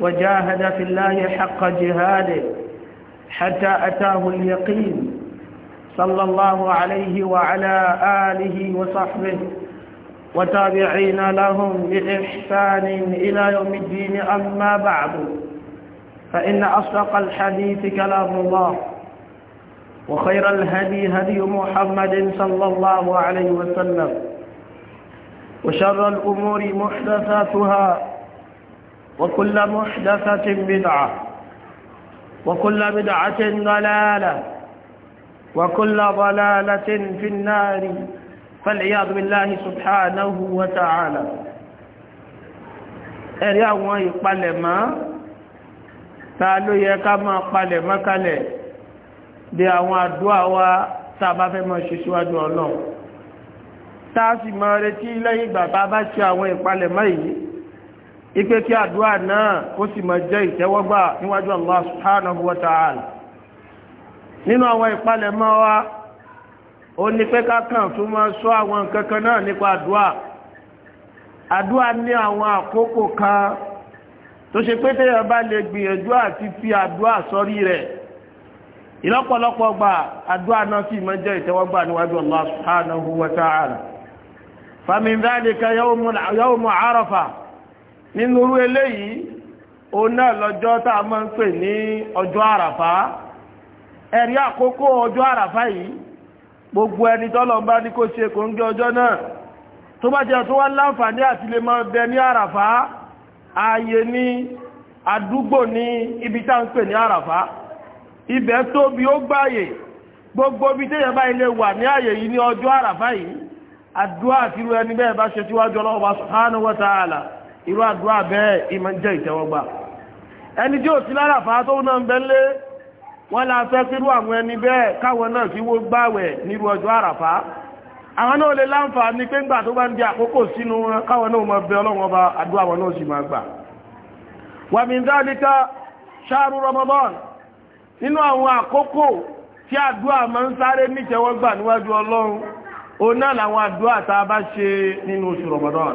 وجاهد في الله حق جهاده حتى أتاه اليقين صلى الله عليه وعلى آله وصحبه وتابعين لهم بإحسان إلى يوم الدين أما بعد فإن أصدق الحديث كلام الله وخير الهدي هدي محمد صلى الله عليه وسلم وشر الأمور محدثاتها وكل محدثة بدعة وكل بدعة ضلالة وكل ضلالة في النار فالعياذ بالله سبحانه وتعالى ẹ̀rí àwọn ìpalẹ̀mọ́ ta ló yẹ ká máa palẹ̀mọ́ kalẹ̀ bí àwọn àdúwà wa tá bá fẹ́ máa ṣe síwájú ọlọ́run tá sì máa retí lẹ́yìn ìgbà bá ṣe àwọn ìpalẹ̀mọ́ yìí ipe kí àdúrà náà kó sì máa jẹ́ ìtẹ́wọ́gbà níwájú Allah subhanahu wa ta'ala nínú àwọn ìpalẹ̀mọ́ wa ó ní pé ká kàn máa sọ àwọn nǹkan náà nípa àdúrà àdúrà ní àwọn àkókò kan tó ṣe pé téèyàn bá lè gbìyànjú àti fi àdúrà sórí rẹ̀ ìlọ́pọ̀lọpọ̀ gbà àdúrà náà sì máa jẹ́ ìtẹ́wọ́gbà níwájú Allah subhanahu wa ta'ala nínú irú eléyìí òun náà lọ́jọ́ tá a máa ń pè ní ọjọ́ àràfá ẹ̀rí àkókò ọjọ́ àràfá yìí gbogbo ẹni tọ́lọ̀ ń bá ní kó ṣe kò ń gé ọjọ́ náà tó bá jẹ́ tó wá láǹfààní àti lè máa bẹ ní àràfá ààyè ní àdúgbò ní ibi tá ń pè ní àràfá ibẹ̀ tóbi ó gbáyè gbogbo ibi téèyàn bá ilé wà ní ààyè yìí ní ọjọ́ àràfá yìí àdúrà àtirú ẹni bẹ́ẹ̀ bá ṣe síwájú ọlọ́wọ́ subhanahu wa ta'ala irú àdúrà bẹ́ẹ̀ ìmọ̀ jẹ́ ìtẹ́wọ́gbà ẹni tí ò sí lára fàá tó náà ń bẹ́ lé wọ́n la fẹ́ kírú àwọn ẹni bẹ́ẹ̀ káwọn náà sí wó gbáwẹ̀ nírú ọjọ́ àràfá àwọn náà lè láǹfààní pé ńgbà tó bá ń di àkókò sínú wọn káwọn náà mọ bẹ ọlọ́run ọba àdúrà wọn náà sì máa gbà wa min dhalika ṣáàrù Ramadan nínú àwọn àkókò tí àdúrà máa ń sáré nítẹ́wọ́gbà níwájú ọlọ́run òun náà làwọn àdúrà tá a bá ṣe nínú oṣù Ramadan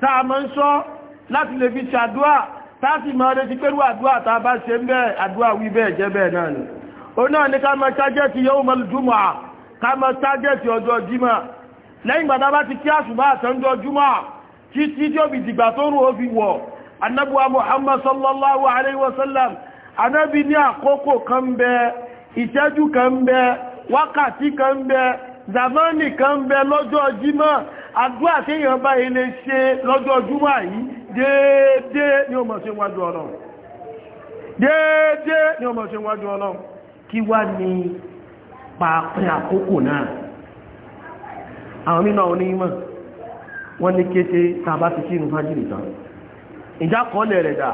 táa mọ́ ń sọ láti lè fi ṣàdúà táàtì máa retí pẹ̀lú àdúà tàà bá ṣe ń bẹ́ẹ̀ àdúà wí bẹ́ẹ̀ jẹ́ bẹ́ẹ̀ náà ni ó náà ní ká máa tájẹ́tì yawmal jumu'a ká máa tájẹ́tì ọjọ́ jímọ̀ lẹ́yìn gbàdá bá ti kí àṣùbá àtọ́jọ́ jùmọ̀ títí tí ó fi dìgbà tó rú ó fi wọ̀ anábùwà Muhammad sallallahu alaihi wasallam anábì ní àkókò kan bẹ ìṣẹ́jú kan bẹ wákàtí kan bẹ zamani kan bẹ lọ́jọ́ jímọ̀ àdúrà tí èèyàn bá ilé ṣe lọ́jọ́ júmọ̀ yìí déédéé ni ó mọ̀ sí wájú ọlọ́run déédéé ni ó mọ̀ sí wájú ọlọ́run kí wá ní pàápẹ́ àkókò náà àwọn nínú àwọn onímọ̀ wọ́n ní kété tàbá ti kí inú fájìlì tán ìjà kọ́lẹ̀ rẹ̀ dà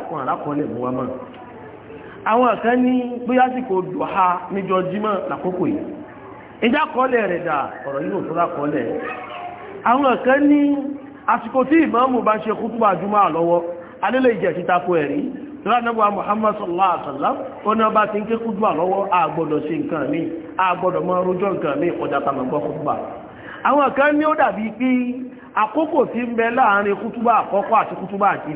ìjà kọlẹ̀ rẹ̀ dà ọ̀rọ̀ yìí òtúrà kọlẹ̀ àwọn kan ní àsìkò tí ìmáàmù bá ṣe kútúbà jùmọ́ lọ́wọ́ alélẹ̀ ìjẹ̀ ti tako ẹ̀rí lọ́nàbà Muhammad sallallahu alaihi wasallam ó ní ọba ti ń ké kútúbà lọ́wọ́ àgbọ̀dọ̀ sí nǹkan mi àgbọ̀dọ̀ mọ́ rojọ́ nǹkan mi ọjà tàbí gbọ́ kútúbà àwọn kan ní ó dàbí pé àkókò tí ń bẹ láàrin kútúbà àkọ́kọ́ àti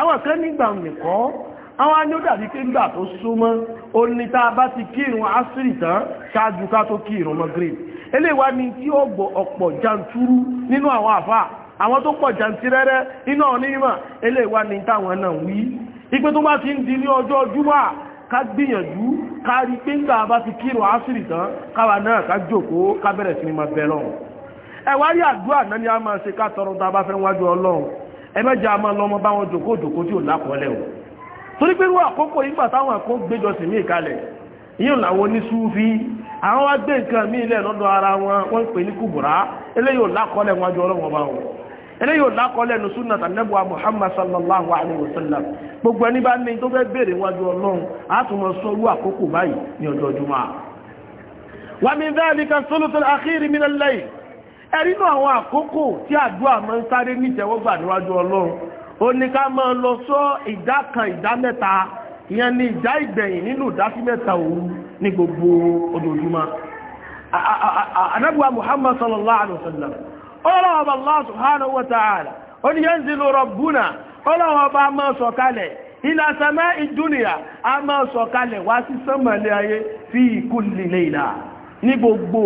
àwọn kan nígbà nìkọ́ àwọn ni ó dàbí pé nígbà tó súnmọ́ ó ní tá a bá ti kírun asiri tán ṣáájú ká tó kírun magrib eléwà ni tí ó gbọ́ ọ̀pọ̀ janturu nínú àwọn àfà àwọn tó pọ̀ jantirẹ́rẹ́ nínú àwọn onímọ̀ eléwà ni táwọn náà wí ipé tó bá ti ń di ní ọjọ́ júmọ́ náà ká ẹ mẹ́jọ a máa lọ ọmọ báwọn jòkó jòkó tí ò lákọọ́lẹ̀ o torí pé irú àkókò ìgbà táwọn kan gbéjọ sí mí ìkalẹ̀ ìyẹn làwọn oníṣúfí àwọn wá gbé nǹkan mí ilẹ̀ lọ́dọ̀ ara wọn wọ́n ń pè ní kùbùrá eléyìí ò lákọọ́lẹ̀ wọn jọ ọlọ́wọ́ bá wọn eléyìí ò lákọọ́lẹ̀ ní súnà tàbíwá Muhammad sallallahu alayhi wa sallam gbogbo ẹni bá ní tó fẹ́ béèrè wájú Ọlọ́run á tún mọ sọ àkókò báyìí ní ọjọ́ Jímọ̀ wa min dhalika thuluth al-akhir min ẹ̀rínú àwọn àkókò tí àdúrà máa ń sáré nítẹ̀wọ́gbà níwájú ọlọ́run ó ní ká máa lọ sọ ìdá kan ìdá mẹ́ta ìyẹn ni ìdá ìgbẹ̀yìn nínú ìdásí mẹ́ta òru ní gbogbo ojoojúmọ́ anábùwà muhammad sallallahu alaihi wasallam ọlọ́wọ́ bá allah subhanahu wa ta'ala ó ní ọlọ́wọ́ bá máa sọ kalẹ̀ a máa sọ kalẹ̀ wá sí sánmà ayé fi ní gbogbo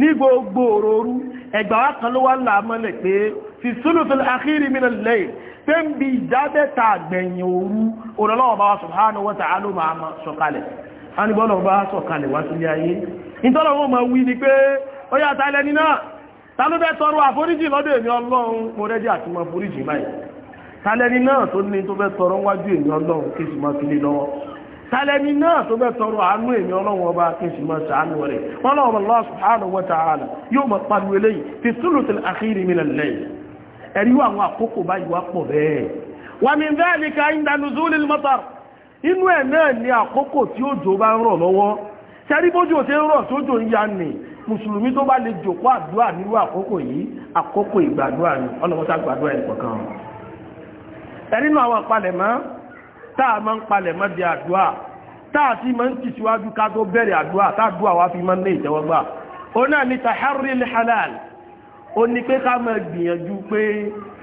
ní gbogbo òròrú ẹgbà wá kan ló wá là mọ́lẹ̀ pé fi sulusul akhiri min al-layl pé ń bi ìdábẹ́ta àgbẹ̀yìn òru Ọlọ́run bá wa subhanahu wa ta'ala máa ma sọ̀kalẹ̀ a ní bọ́lọ̀ bá sọ̀kalẹ̀ wá sílé ayé ìtọ́lọ̀wọ́ ma wí ni pé ó yà tàílẹ̀ ní náà tálẹ́ni náà tó bẹ́ tọrọ àánú èmi ọlọ́run ọba kí sì máa ṣàánú rẹ̀ wọ́n lọ́wọ́ Allah subhanahu wa ta'ala yóò máa pariwo eléyìí fi thuluthil akhir min al-layl ẹ̀rí wà àwọn àkókò báyìí wá pọ̀ bẹ́ẹ̀ wa min dhalika inda nuzulil matar inú ẹ̀ náà ni àkókò tí òjò bá ń rọ̀ lọ́wọ́ sẹ́rí bójú ń ya nì mùsùlùmí tó bá lè jòkó àdúrà nírú àkókò yìí àkókò ìgbàdúrà ni ọlọ́wọ́sá gbàdúrà ẹ̀ kọ̀ọ̀kan àwọn àpalẹ̀mọ́ táà máa ń palẹ̀ mọ́ di àdúrà táà tí máa ń tìsíwájú ká tó bẹ̀rẹ̀ àdúrà táàdúrà wá fi máa ń lé ìtẹ́wọ́gbà ó náà ní taharil halal ó ní pé ká máa gbìyànjú pé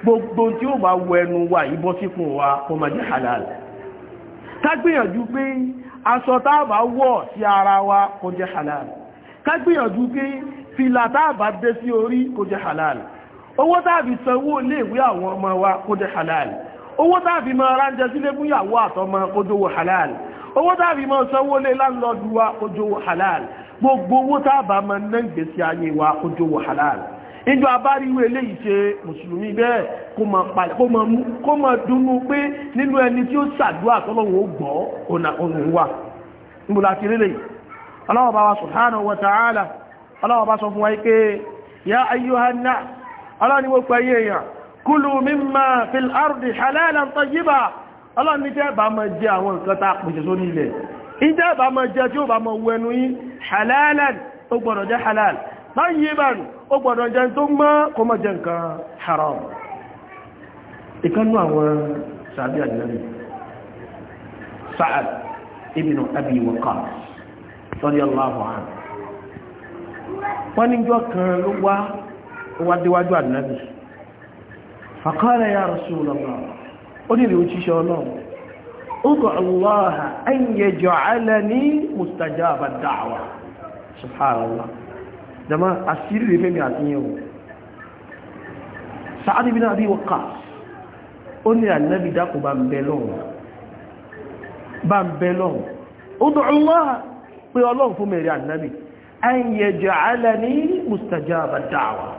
gbogbo tí ó bá wọ ẹnu wa ìbọ́ síkùn wa kó máa jẹ́ halal ká gbìyànjú pé aṣọ táà bá wọ̀ sí ara wa kó jẹ́ halal ká gbìyànjú pé fìlà táà bá dé sí orí kó jẹ́ halal owó táà fi sanwó iléèwé àwọn ọmọ wa kó jẹ́ halal owó táàfi máa ránjẹ sílé fún ìyàwó àtọmọ ojowo halal owó táàfi máa sanwó lé láńlọ́dù wa halal gbogbo owó táàbà ma ná ìgbésí ayé wa halal ìjọ abáríwé eléyìí ṣe mùsùlùmí bẹ́ẹ̀ kó máa dúnú pé nínú ẹni tí ó ṣàdúrà tọ́lọ́wọ́ gbọ́ kúlù mímọ̀ fil ardi halalan tayyiba ọlọ́run ní tẹ́ bá máa jẹ àwọn nǹkan tá pèsè sórí ilẹ̀ ìjẹ́ bá máa jẹ tí ó bá máa wẹnu yí halalan ó gbọ́dọ̀ jẹ́ halal tayyiban ó gbọ́dọ̀ jẹ tó mọ́ kó má jẹ nǹkan haram wọ́n níjọ́ kan ló wá wádíwájú àdínábì فقال يا رسول الله أريد أن الله أدع الله أن يجعلني مستجاب الدعوة سبحان الله دما أسير لي فمي أتنيه سعد بن أبي وقاص أني النبي داكو بامبلون بامبلون أدع الله ويقول الله فمي النبي أن يجعلني مستجاب الدعوة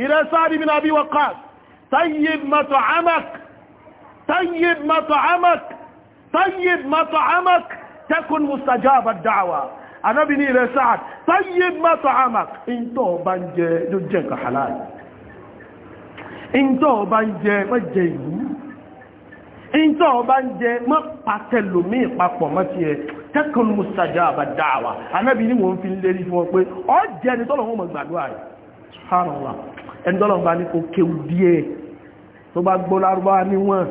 إلى سعد بن أبي وقاص طيب مطعمك طيب مطعمك طيب مطعمك تكن مستجاب الدعوة أنا بني إلى سعد طيب مطعمك انتو بانجي جنجنك حلال انتو بانجي ما ìjọ ọba ń ما mọ́ pàtẹlòmí ìpapọ̀ mọ́tí ẹ tẹ́kùn mùsàjá àbàdáwà anábi ní wọ́n fi lérí fún wọn pé ọ jẹ́ ni tọ́lọ̀ wọn mọ̀ ẹnudọ́lọ́n bá ní kó kéwú díẹ̀ tó bá gbọ́ lárúbáwá níwọ̀n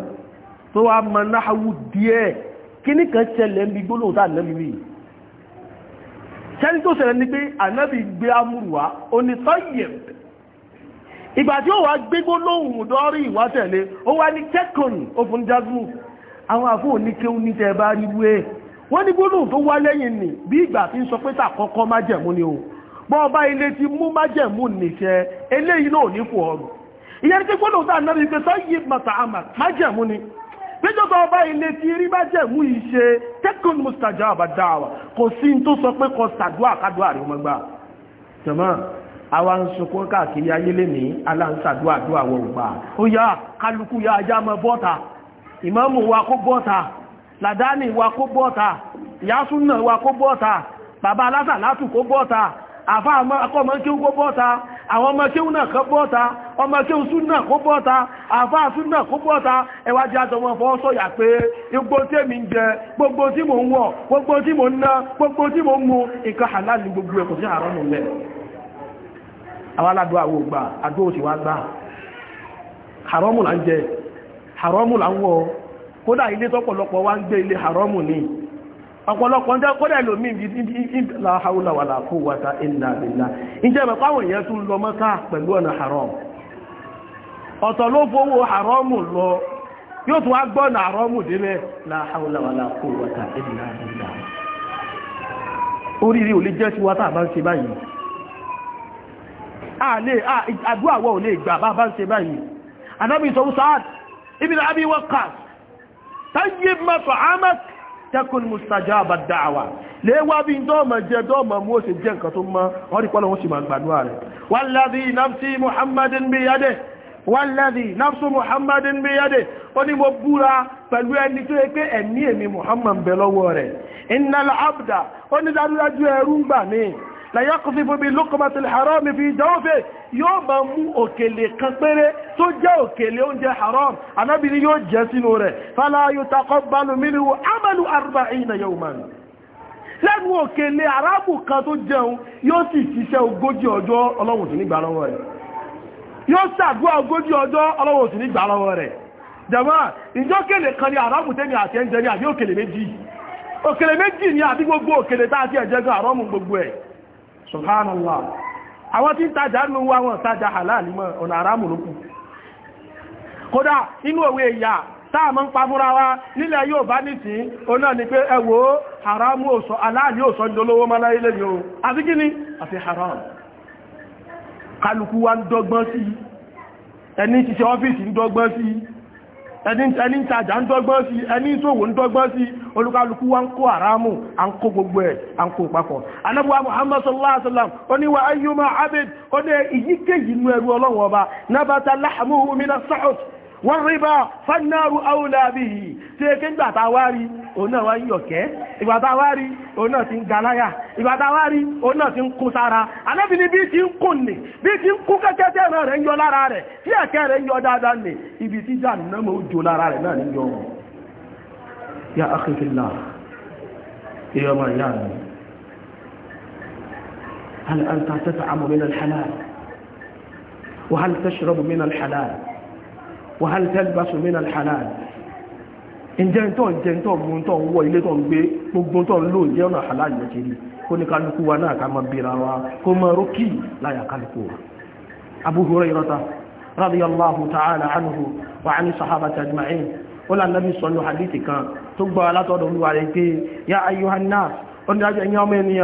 tó wá mọ náhàwù díẹ̀ kíní kan ṣẹlẹ̀ ń bi gbólóhùn tá ànábì wí sẹ́ni tó ṣẹlẹ̀ ni pé ànábì gbé amúrù wá ó ní sọ́yẹ̀ ìgbà tí ó wá gbé gbólóhùn dọ́rí ìwá tẹ̀lé ó wá ní tẹ́kùn ó fún jazmu àwọn àfóò ní kéwú ní tẹ́ bá rí wé wọ́n ní gbólóhùn wá lẹ́yìn nì bí ìgbà tí ń sọ pé tàkọ́kọ́ má jẹ̀mú ni o bọ́ọ̀bá ilé ti mú májẹ̀mú nìṣẹ́ eléyìí náà ní kò ọrùn ìyẹn tí gbọ́dọ̀ tá náà wípé sọ yí mata àmà májẹ̀mú ni péjọba ọba ilé ti rí májẹ̀mú ìṣe tẹ́kùn mustaja àbádáwà kò sí tó sọ pé kọ sàdúà kádùà rí ọmọ tẹ̀mọ́ àwa ń káàkiri ayé aláǹsàdúà bàbá alásà látù kó bọ́ta àfá akọ́ ọmọ kéhù bọ́ta àwọn ọmọ kéhù náà kó bọ́ta ọmọ kéhù sún náà kó bọ́ta àfá sún náà kó bọ́ta ẹwà jẹ́ fọ́ sọ́yà pé tí ń jẹ gbogbo tí mò ń wọ̀ gbogbo tí mò ń ná gbogbo tí mò ń gbogbo sí ọ̀pọ̀lọpọ̀ ń jẹ́ kọ́dẹ̀ lómi la hawla wala quwwata illa billah ìjẹ́ mẹ́kọ́ àwọn èèyàn tún lọ mọ́ká pẹ̀lú ọ̀nà haram ọ̀tọ̀ ló fowó haram lọ yóò tún wá gbọ́nà haram débẹ̀ la hawla wala quwwata illa billah oríire ò lè jẹ́ sí wa tá a bá ń ṣe báyìí àdúrà wọ́n ò lè gbà bá bá ń ṣe báyìí anábì sọ Sa'ad ibn Abi Waqqas tayyib ma ta'amak tẹ́kùn mustaja àbàdà àwà léwá bí dọ́ọ̀mọ̀ jẹ́ dọ́ọ̀mọ̀ mú ó sì jẹ́ nǹkan tó mọ́ wọ́n rí pọ́lọ̀ wọ́n sì máa gbàdúrà rẹ̀ wàlàdí nafsi muhammadin bí yadé wàlàdí nafsu muhammadin bí ó ní mo búra pẹ̀lú ẹni tó yẹ pé èmi muhammad bẹ rẹ̀ innal abda ó ní dájúdájú ẹrú gbà míì láyákùnfífò bí lókùnmọ̀tí haram fi jọ́ọ́fẹ́ yóò bá mú òkèlè kan péré tó jẹ́ òkèlè oúnjẹ haram anábìrí yóò jẹ sínú rẹ̀ fala yutaqabbalu minhu amalu arba'ina yawman lẹ́nu òkèlè arábù kan tó jẹun yóò sì ṣiṣẹ́ ogójì ọjọ́ ọlọ́wọ̀n sí nígbà lọ́wọ́ rẹ̀ yóò ṣàdúrà ogójì ọjọ́ ọlọ́wọ̀n sí nígbà lọ́wọ́ rẹ̀ jàmá ìjọ́kèlè kan ni arábù tẹ́mi àti ẹ̀ńjẹ ní àbí òkèlè méjì òkèlè méjì ni àti gbogbo òkèlè tá a ti àrọ́mù gbogbo ẹ̀ subhanallah àwọn tí ń tajà ń lówó àwọn tajà halali mọ́ ọ̀nà àrámù lókù kódà inú òwe ìyà táà mọ́ ń pa múra wá nílẹ̀ yóò bá nìtí o ni pé ẹwò haramu òsọ aláàlì òsọ ìdólówó máláyílẹ̀ yóò àti gíní haram kálukú wa ń dọ́gbọ́n sí ẹni tí ṣe ọ́fíìsì ẹni ń tajà ń dọ́gbọ́n sí ẹni ìṣòwò ń dọ́gbọ́n sí olúkálukú wa ń kó àrámù à ń kó gbogbo ẹ̀ à ń kó papọ̀ anábúwa muhammad sallallahu alaihi wasallam ó ní wa ayyuma abid ó ní ìyíkéyìí inú ẹrú ọlọ́run ọba nabata lahmuhu mina sahut wọ́n rí bá fannaru awla bihi tí ekéńgbà táwárí òun náà wá yọ̀kẹ́ ìgbà táwárí òun náà ti ń galáyà ìbádáwárí òun náà ti ń kú sára Ànábì ní bí ti ń kú nì bí ti ń kú kẹ́kẹ́ tí rẹ̀ ń yọ lára rẹ̀ tí ẹ̀kẹ́ rẹ̀ ń yọ dáadáa nì ibi tí jà nínú mọ́ jò lára rẹ̀ náà ní yọ ya akíkìlá ǹjẹ́ tó ń jẹ́ tó ń mú tó ń wọ ilé tó ń gbé gbogbo tó ń lò jẹ́ ọ̀nà halal jẹ́ rí kó ní kálukú wa náà ká máa bèèrè wa kó máa rókì láyà kálukú wa Abu Hurayrata radiyallahu ta'ala anhu wa ani sahabati ajma'in ó là nàbí sọnù hadithi kan tó gbọ́ alátọ́dọ̀ olúwa rẹ̀ pé ya ayyuhan ó ní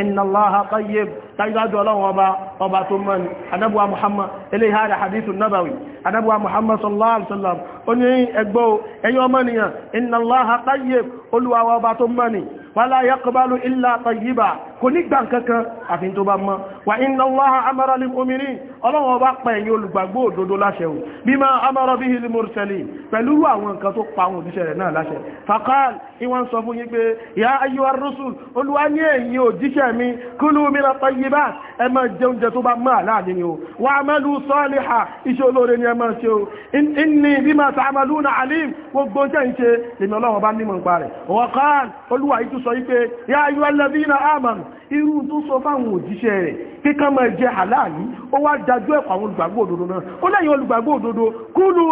inna allaha tayyib tajadu ọlọ́run ọba ọba tó mọ́ ni anábuwa muhammad eléyìí hada hadithu nabawi anábuwa muhammad sallallahu alaihi wasallam ó ní ẹgbọ́ ẹ̀yin ọmọnìyàn inna allaha tayyib olúwa ọba tó mọ́ ni wala yaqbalu illa tayyiba kò ní gbà kankan àfi tó bá mọ́ wà inna Allaha amara lil mu'minin ọlọ́wọ́ bá pa ẹ̀yin olùgbàgbọ́ òdodo láṣẹ o bima amara bihi lil mursalin pẹ̀lú àwọn nǹkan tó pa àwọn òjíṣẹ́ rẹ̀ náà láṣẹ faqal bá mọ́ àláàdì ni o wa olúwa yìí tún sọ yìí pé ya ayyuhal irú tó sọ fáwọn òjíṣẹ́ rẹ̀ pé ká máa jẹ àláàlú ó wá dájú ẹ̀kọ́ àwọn olùgbàgbọ́ òdodo náà ó lẹ́yìn olùgbàgbọ́ òdodo kúlù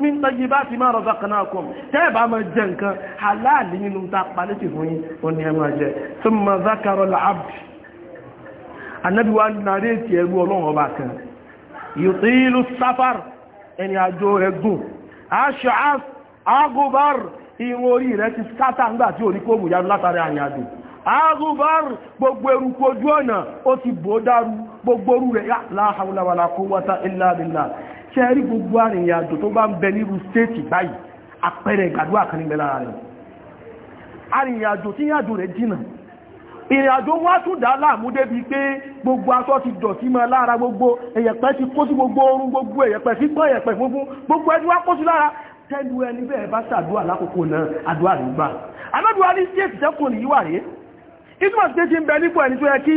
min tayyibati ma razaqnakum tẹ́ẹ̀bá máa jẹ nǹkan àláàlú nínú ta palẹ́tì fún yín ó ní ẹ máa jẹ thumma zakara al-abd anábì wa nàrí ètì ẹrú ọlọ́run ọba kan yutilu safar ẹni àjò rẹ̀ gùn ash'af agubar irun orí rẹ̀ ti skátà ńgbà tí orí kó mú yanu látàrí àyàdùn ààrùbár gbogbo eruku ojú ọ̀nà ó ti bò dáru gbogbo orú rẹ̀ la hawla wala quwwata illa billah ṣe rí gbogbo arìnrìnàjò tó bá ń bẹ nírú stéètì báyìí àpẹẹrẹ ìgbàdúrà kan níbẹ̀ lára rẹ̀ arìnrìnàjò tí ìrìnàjò rẹ̀ jìnà ìrìnàjò wá tún dá láàmú débi pé gbogbo aṣọ ti dọ̀tí mọ́ lára gbogbo ẹ̀yẹ̀pẹ̀ ti kó sí gbogbo orun gbogbo ẹ̀yẹ̀pẹ̀ sí gbọ́ ẹ̀yẹ̀pẹ̀ funfun gbogbo ẹni wá kó sí lára tẹ́lu ẹni bẹ́ẹ̀ bá ṣàdúrà lákòókò náà àdúrà ló gbà aládùúgbò ní sí èsì tẹ́kùn yìí ìtumọ̀ sí ti ń bẹ nípò ẹni tó yẹ kí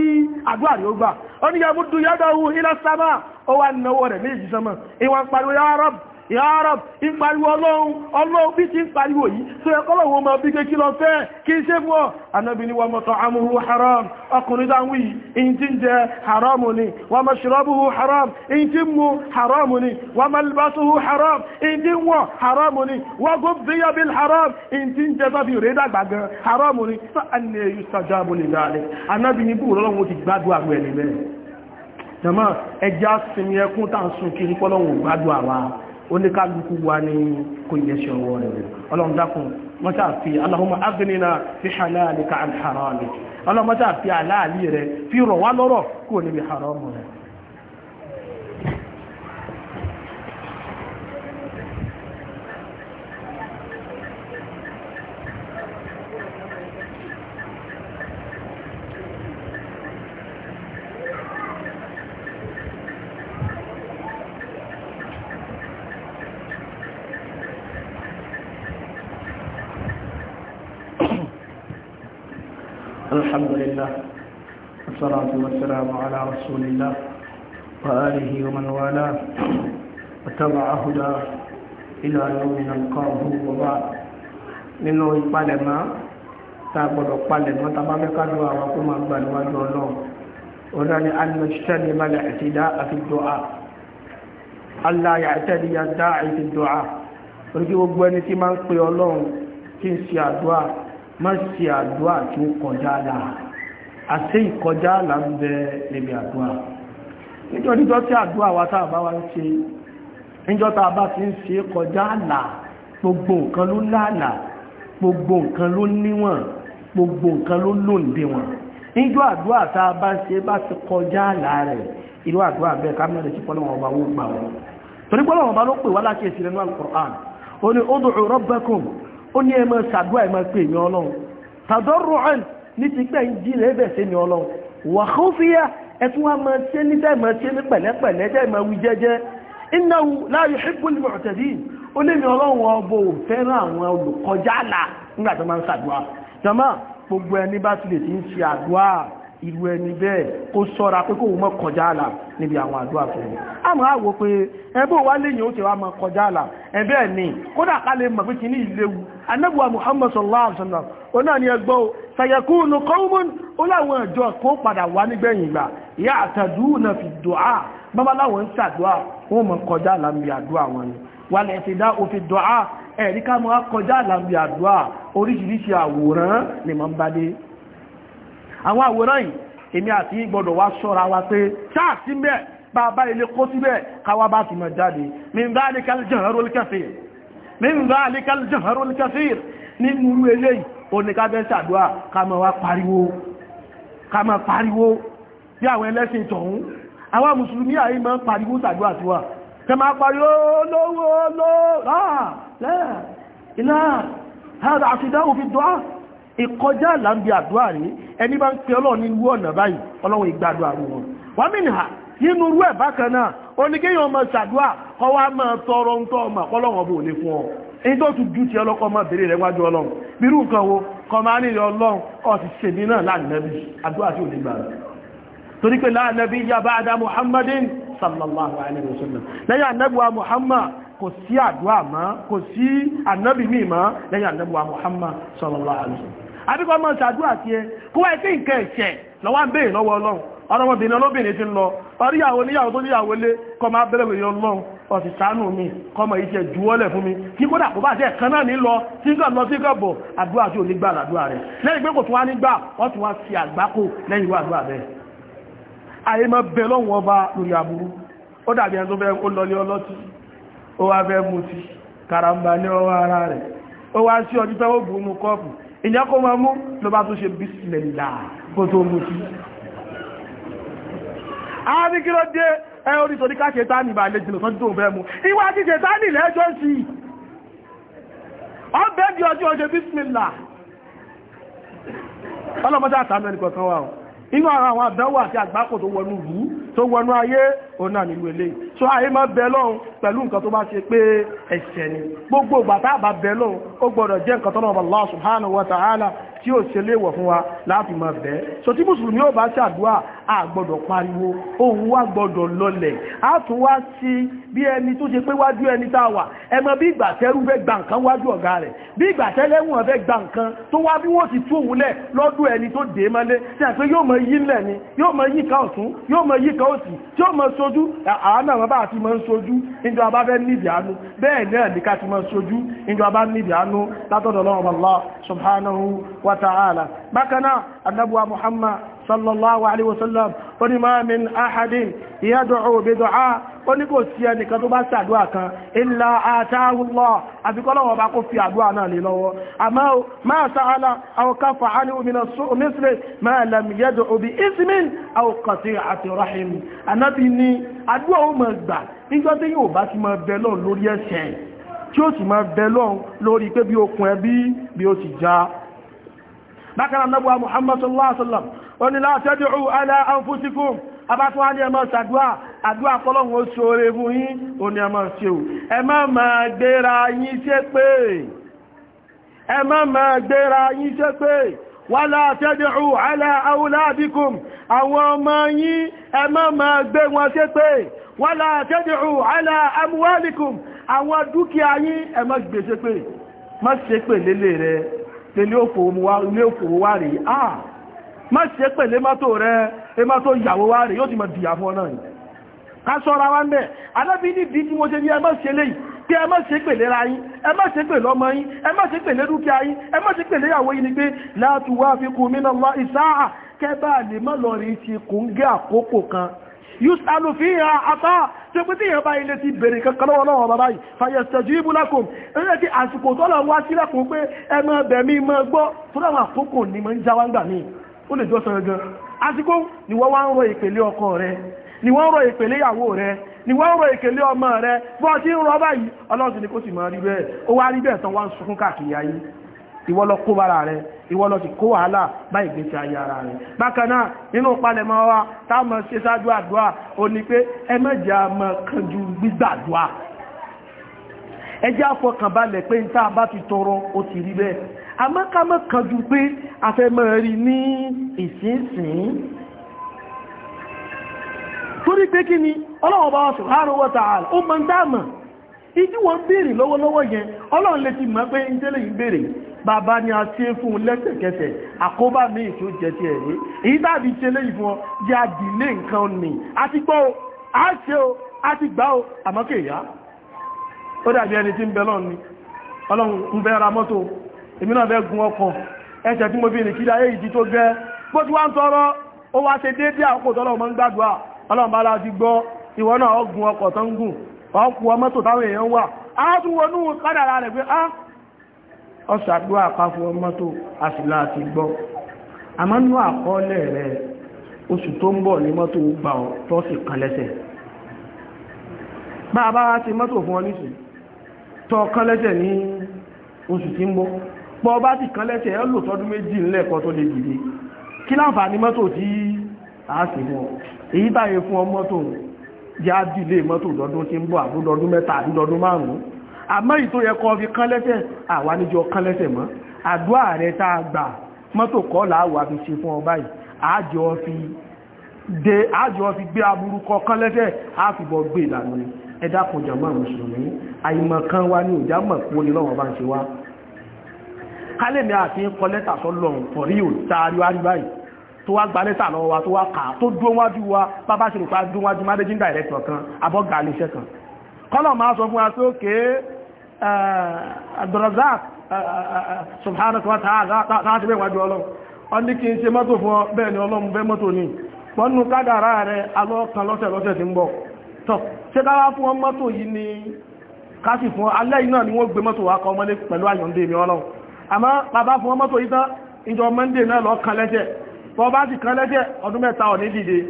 àdúrà rí ó gbà ó ní yàmúdú yàdọ̀ ohun ilẹ̀ sábà ó wà náwó rẹ̀ méjì sánmà ìwọ̀n pariwo yàrá rọ́bù Ya Rab ń pariwo ọlọ́run ọlọ́run bí ti ń pariwo yìí tó ẹkọ́lọ̀wọ́ ọmọ bí kékí lọ fẹ́ kí ṣe fún ọ Ànábì ní wa mat'amuhu haram ọkùnrin dáwí in ti ń jẹ haram ni wa mashrabuhu haram in ti mu haram ni wa malbasuhu haram in ti haram ni wa ghudhiya bil haram in ń jẹ tọ́bi rẹ̀ dàgbàgbẹ̀ haram ni fa anna yustajabu li dhalik Ànábì ní bú ọlọ́run ti gbádùn àgbẹ̀ nìlẹ̀ jama ẹjá sinmi ẹkún tàà sún kiri pọ́lọ́wọ̀n gbádùn àwa oníkálukú wa ní kò yẹ ṣe ọwọ́ rẹ̀ ọlọ́run dákun mọ́tà fi aláhùnmọ́ agbẹ́nìna fi halalika alhàrámi ọlọ́run mọ́tà fi aláàlì rẹ̀ fi rọ̀ wá lọ́rọ̀ kúrò níbi haramu rẹ̀ الحمد لله والصلاة والسلام على رسول الله وآله ومن والاه وتبع هدى إلى يوم نلقاه وبعد nínú ìpalẹ̀mọ́ tá a gbọ́dọ̀ palẹ̀mọ́ tá a bá mẹ́ka lu àwọn kó máa gbà níwájú ọlọ́run òun náà ni alimọ̀títẹ́ ni ma yàtí dá àfi dọ́à allah yàtẹ́ ni dá àfi dọ́à orí kí gbogbo ẹni tí máa ń pe ọlọ́run kí n ṣe àdúrà má ṣe àdúrà tí ó kọjá àlà àṣẹ ìkọjá àlà ń bẹ níbi àdúrà nítorí tó tí àdúrà wa tá a bá wá ń ṣe níjọ́ tá a bá ti ń ṣe kọjá àlà gbogbo nǹkan ló láàlà gbogbo nǹkan ló níwọ̀n gbogbo nǹkan ló lóǹde wọn níjọ́ àdúrà tá a bá ń ṣe bá ti kọjá àlà rẹ̀ irú àdúrà bẹ́ẹ̀ ká mẹ́rin sí pọ́lọ́wọ́n ọba wó gbà wọn ó ní ẹ máa ṣàdúrà ẹ máa pè ní ọlọ́run tàdọ́rùn ní ti pẹ́ ń jí lẹ́bẹ̀ sí ní ọlọ́run wà kó fi yá ẹ tún wá máa ṣe ní dẹ́ máa ṣe ní pẹ̀lẹ́pẹ̀lẹ́ dẹ́ máa wí jẹ́jẹ́ innahu la yuhibbul mu'tadin ó lé ní ọlọ́run ọbọ̀ ò fẹ́ràn àwọn olùkọjá àlà nígbà tó máa ń ṣàdúrà jọmọ́ gbogbo ẹni bá ti lè ti ń ṣe àdúrà irú ẹni bẹ́ẹ̀ kó sọ́ra pé kó mọ́ kọjá àlà níbi àwọn àdúrà tó ní àmọ́ àwò pé ẹbí òwá lẹ́yìn ó ti wá mọ́ kọjá àlà ẹbẹ́ ẹ̀ kódà ká lè ní ìléwu anábùwà Muhammad sallallahu alaihi wasallam ni ẹgbọ́ sayakunu qawmun ó láwọn ìjọ kan padà wá nígbẹ̀yìn ìgbà ìyá àtàdúnà fi dùá bábá láwọn ń ṣàdúà wọn mọ̀ kọjá àlà ni wàlẹ̀ ìfìdá òfin dùá ẹ̀rí ká mọ́ kọjá àlà níbi ni mọ́ àwọn àwòrán yìí èmi àti gbọdọ̀ wá ṣọ́ra wa pé ṣáà sí mẹ́ bàbá ilé kó síbẹ̀ káwà bá ti mọ̀ jáde min dhalika al-jahru al-kaseer min dhalika pariwo ká má pariwo bí àwọn ah, hada àṣìdáhù fi dùá ìkọjá àlàmbí àdúrà rí ẹni bá ń pe ọlọ́run ní irú ọ̀nà báyìí ọlọ́run ìgbà àdúrà wọn wà mí nínú irú ẹ̀ bákan náà oníkéyàn ọmọ ṣàdúrà kọ́ wá tọrọ ń tọ́ ọmọ àkọ́lọ́wọ́n bò fún ọ èyí tó tún ju ti ọlọ́kọ́ rẹ̀ wájú ọlọ́run bírú nǹkan wo kọ́ máa ní ọlọ́run ṣèlú náà àdúrà kò sí àdúrà mọ́ kò sí ànábì míì mọ́ lẹ́yìn ànábì Muhammad sallallahu alaihi wasallam àbíkọ́ mọ́ ṣàdúrà tí ẹ kó wáyé tí nǹkan ẹ̀ṣẹ̀ lọ́wọ́ ń béèrè lọ́wọ́ Ọlọ́run ọ̀rọ̀mọbìnrin olóbìnrin ti ń lọ ọríyàwó níyàwó tó níyàwó lé kọ máa bẹ̀rẹ̀ ìyọ Ọlọ́run ọ̀sì ṣàánú mi kọmọ iṣẹ́ juwọ́lẹ̀ fún mi kí kódà kó bá jẹ́ kan náà ní lọ tí ń kàn lọ sí kọ̀bọ̀ àdúrà tí ò ní gbà làdúrà rẹ̀ lẹ́yìn pé kò tún wá ọlọ́tí ó wá fẹ́ mutí karamba ní ọwọ́ ara rẹ̀ ó wá sí ọdún tó bù mú kọ́ọ̀pù ìyá kó máa mú ló bá tó ṣe bísílẹ̀ ìlà kó tó mutí àbí kí ló dé ẹ orí torí ká ṣe tánì bá lẹ́jìnà tó dùn bẹ́ mú ìwà ti ṣe tánì lẹ́jọ́ sí ọ bẹ́ẹ̀ di ọjọ́ ọjọ́ bísílẹ̀ ọlọ́mọdé inú ara àwọn àdánwò àti àgbákò tó wọnú ìlú tó wọnú ayé òun n'ilu nínú ilé so ayé máa bẹ lọ́hùn pẹ̀lú nǹkan tó bá ṣe pé ni gbogbo ìgbà tá a bá bẹ lọ́hùn ó gbọ́dọ̀ jẹ́ nǹkan tọ́nà tí ó ṣe léèwọ̀ fún wa láti máa bẹ́ẹ̀ so tí mùsùlùmí ó bá ṣàdúrà a gbọ́dọ̀ pariwo ohun wa gbọ́dọ̀ lọlẹ̀ a tún wá sí bí ẹni tó ṣe pé wájú ẹni tá a wà ẹ mọ̀ bí ìgbà tẹ́rú fẹ́ gba nǹkan wájú ọ̀gá rẹ̀ bí ìgbà tẹ́lẹ́wọ̀n fẹ́ gba nǹkan tó wá bí wọ́n ti tú òun lẹ̀ lọ́dún ẹni tó dé mọ́lé tí àpé yóò mọ yí lẹ̀ ni yóò mọ yíká ọ̀tún yóò mọ yíká òsì tí ó mọ sojú àwọn náà bá ti mọ ń sojú níjọ abá fẹ́ níbi àánú bẹ́ẹ̀ náà ní ká ti mọ sojú níjọ abá níbi àánú látọ̀dọ̀ lọ́wọ́ Allah subhanahu وتعالى بكنا النبوة محمد صلى الله عليه وسلم ولما من أحد يدعو بدعاء oníkò sí ẹnìkan tó bá sàdúwà kan ilá àtàhùlọ́ àfikọ́lọ́wọ́ bá kó fi àdúwà náà lè lọ́wọ́ àmá máa sáàlá àwọ̀ká fàánì òmìnà sóòmísìlẹ̀ máa lẹ́mì yẹ́dọ̀ òbí ismin àwọ̀kàtí àti rahim anábi ni àdúwà ó mọ̀ gbà nígbà tí yóò bá ti mọ̀ bẹ lọ́n lórí ẹ̀ṣẹ̀ tí ó sì mọ̀ bẹ lọ́n lórí pé bí okùn ẹbí bí ó sì já bákan anábúwa muhammadu sallam ó ní la tad'u ala anfusikum abátúwá ní ẹmọ́ ṣàdúà àdúà pọ́lọ́hun ó ṣoore fún yín ó ní ẹmọ́ ṣe ò ẹ má máa gbéra yín ṣépè ẹ má máa gbéra yín ṣépè wala tad'u ala awladikum àwọn ọmọ yín ẹ má máa gbé wọn ṣépè wala tad'u ala amwalikum àwọn dúkìá yín ẹ má gbé ṣépè má ṣépè lélẹ̀ rẹ̀ ilé òkòwò wà rí ah má ṣe pẹ̀lẹ́ mọ́tò rẹ ẹmọ́tò ìyàwó wà rí yóò ti mọ̀ dìyà fún ọ̀nà yìí ká ṣọ́ra wá ń bẹ̀ alábi ní bí tí mo ṣe ní ẹ má ṣe lè kí ẹ ṣe pẹ̀lẹ́ ra yín ẹ ṣe pẹ̀lẹ́ ọmọ yín ẹ ṣe dúkìá yín ẹ ṣe ìyàwó ni pé la tuwafiqu minallahi sa'a kẹ́bà lè má lọ rí ti gé àkókò kan يسأل فيها عطاء تبتيها باي التي بريك قلوا الله وباباي فيستجيب لكم التي أسكت الله واسي لكم أما بمي ما بو فلما فكون لمن جوان بمي ó lè jọ́sọ ẹgbẹ́ àsìkò ni wọ́n wá ń rọ ìpele ọkọ rẹ̀ ni wọ́n ń rọ ìpele ìyàwó rẹ̀ ni wọ́n ń rọ ìpele ọmọ rẹ̀ bọ́ ni kó sì máa rí bẹ́ẹ̀ ó wá rí bẹ́ẹ̀ tán wá ìwọ ló ti kó wàhálà bá ìgbésí ayé ara rẹ̀ bákan náà nínú palẹ̀mọ́ wa táàmọ̀ ṣe ṣáájú àdúrà ó ní pé ẹmẹ́jà mọ̀ kanjú gbígbàdúrà ẹjẹ́ àmọ́ ká mọ̀ kanjú pé a rí ní ìsinsìn torí pé kí ni ọlọ́wọ́ bá subhanahu wa ta'ala ó mọ̀ ń dáàmọ̀ ìdíwọ̀n béèrè lọ́wọ́lọ́wọ́ yẹn ọlọ́run lè ti mọ̀ pé ń tẹ́lẹ̀ yìí béèrè bàbá ni a ṣe fún lẹ́sẹ̀kẹsẹ̀ àkóbá mi tó jẹ ti ẹ̀rí èyí tàbí ṣe léyìí fún ọ jẹ́ àdìlé nǹkan nì àti gbọ́ o a ṣe o a ti gbá o àmọ́ kè yá ó dàbí ẹni tí ń bẹ lọ́run ni ọlọ́run ń bẹ ra mọ́tò èmi náà gun ọkọ̀ ẹsẹ̀ mo fi rìn kíra èyí tó gẹ́ bó ti wá ń tọrọ ó wá ṣe déédé àkókò tọ́lọ́ mọ́ ń gbàdúrà ọlọ́run bá láti gbọ́ ìwọ náà ọgùn ọkọ̀ tó ń gùn ọ̀sàdó àpapọ̀ mọ́tò àsìlá àti gbọ́ àmọ́ nú àkọọ́lẹ̀ rẹ̀ oṣù tó ń bọ̀ ní mọ́tò gbà ọ́ tó sì kan lẹ́sẹ̀ bá a bá wá ti mọ́tò fún ọ nísì tó kan lẹ́sẹ̀ èyí báyìí fún ọ yá dìlé mọ́tò lọ́dún tí ń bọ̀ àbúdọ́dún mẹ́ta àbúdọ́dún márùn-ún àmọ́ ìtò yẹ kọ́ fi kán lẹ́sẹ̀ àwa níjọ kán lẹ́sẹ̀ mọ́ àdúrà rẹ tá a gbà mọ́tò kọ́ làáwà fi ṣe fún ọba yìí àjọ fi dé àjọ fi gbé aburú kọ kán lẹ́sẹ̀ àfibọ̀ gbé ìlànà ẹ̀dá kan jàmọ́ mùsùlùmí àìmọ̀ kan wá ní òjá mọ̀ kó ní lọ́wọ́ bá ń ṣe wá kálẹ̀mí àti kọ lẹ́tà sọ́lọ́run pọ̀rí ò taari wá rí báyìí tó wá gba lẹ́tà lọ́wọ́ wa tó wá kà á tó dúó wájú wa bábá ṣe rò pa dúó wájú managing director kan abọ́gà iléeṣẹ́ kan kọ́lọ̀ máa sọ fún wa tó ké Abdurrazak subhanahu wa ta'ala ti bẹ́wàjú ọlọ́run wọ́n ní kí n ṣe mọ́tò fún ọ bẹ́ẹ̀ ni ọlọ́run bẹ́ mọ́tò ní wọ́n nú kádàrá rẹ̀ alọ́kan lọ́sẹ̀ ni káṣì fún alẹ́ yìí náà ni wọ́n gbé mọ́tò wa kọ́ mọ́lé pẹ̀lú àyọ̀ǹde mi ọlọ́run àmọ́ bàbá fún ọ mọ́tò yìí tán ìjọ mọ́ndé náà lọ kan lẹ́sẹ̀ bọ́ bá sì kan lẹ́sẹ̀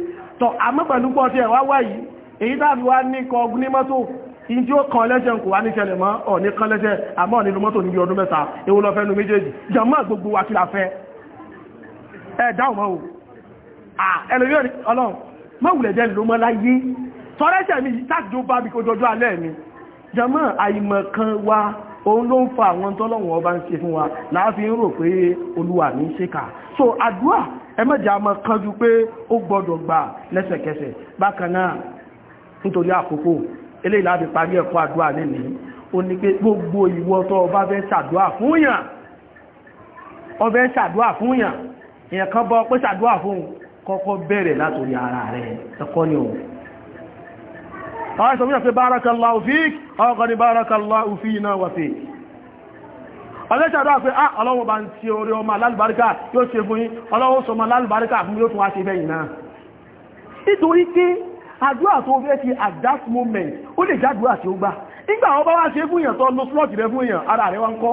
in tí ó kan lẹ́jẹ̀ kò wá ní ṣẹlẹ̀ mọ́ ọ̀ ní kan lẹ́jẹ̀ àmọ́ nínú mọ́tò níbi ọdún mẹ́ta ewu lọ fẹ́ nu méjèèjì jàmọ́ gbogbo wa kí la fẹ́ ẹ dáhùn mọ́ o ẹlòmí ọlọ́run mọ́ wa òun fa àwọn tọ́lọ́wọ̀n wa láàfin rò pé olúwa ní so àdúà ẹmẹ́jà mọ́ kanjú pé ó gbọ́dọ̀ gbà lẹ́sẹ̀kẹsẹ̀ bákan náà eléyìí láti parí ẹ̀kọ́ àdúrà nínú ó ní pé gbogbo ìwọ tó o bá fẹ́ ṣàdúrà fún yàn o fẹ́ ṣàdúrà fún yàn èèyàn kan bọ́ pé ṣàdúrà fún kọ́kọ́ bẹ̀rẹ̀ látòrí ara rẹ̀ ẹ̀kọ́ ni òun àwọn ìsọ̀mí àti bárakàláwò fík ọkọ̀ ni bárakàláwò fí iná wà fík ọlẹ́ṣàdọ́ àpé á ah, ọlọ́wọ́ bá ń tí orí ọmọ alálùbáríkà yóò ṣe fún yín ọlọ́wọ́ sọmọ alálùbáríkà fún yóò tún wá ṣe bẹ́yìn náà nítorí pé àdúrà tó fẹ́ ti at that moment ó lè jádùúrà tí ó gbà nígbà wọn bá wá ṣe fún èèyàn tó lo slọ́ọ̀tì rẹ fún èèyàn ara rẹ wá ń kọ́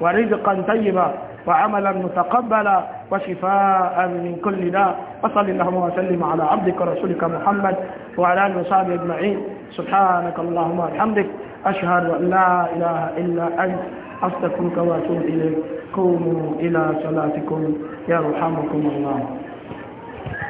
ورزقا طيبا وعملا متقبلا وشفاء من كل داء وصل اللهم وسلم على عبدك ورسولك محمد وعلى اله وصحبه اجمعين سبحانك اللهم وبحمدك اشهد ان لا اله الا انت استغفرك واتوب اليك قوموا الى صلاتكم يرحمكم الله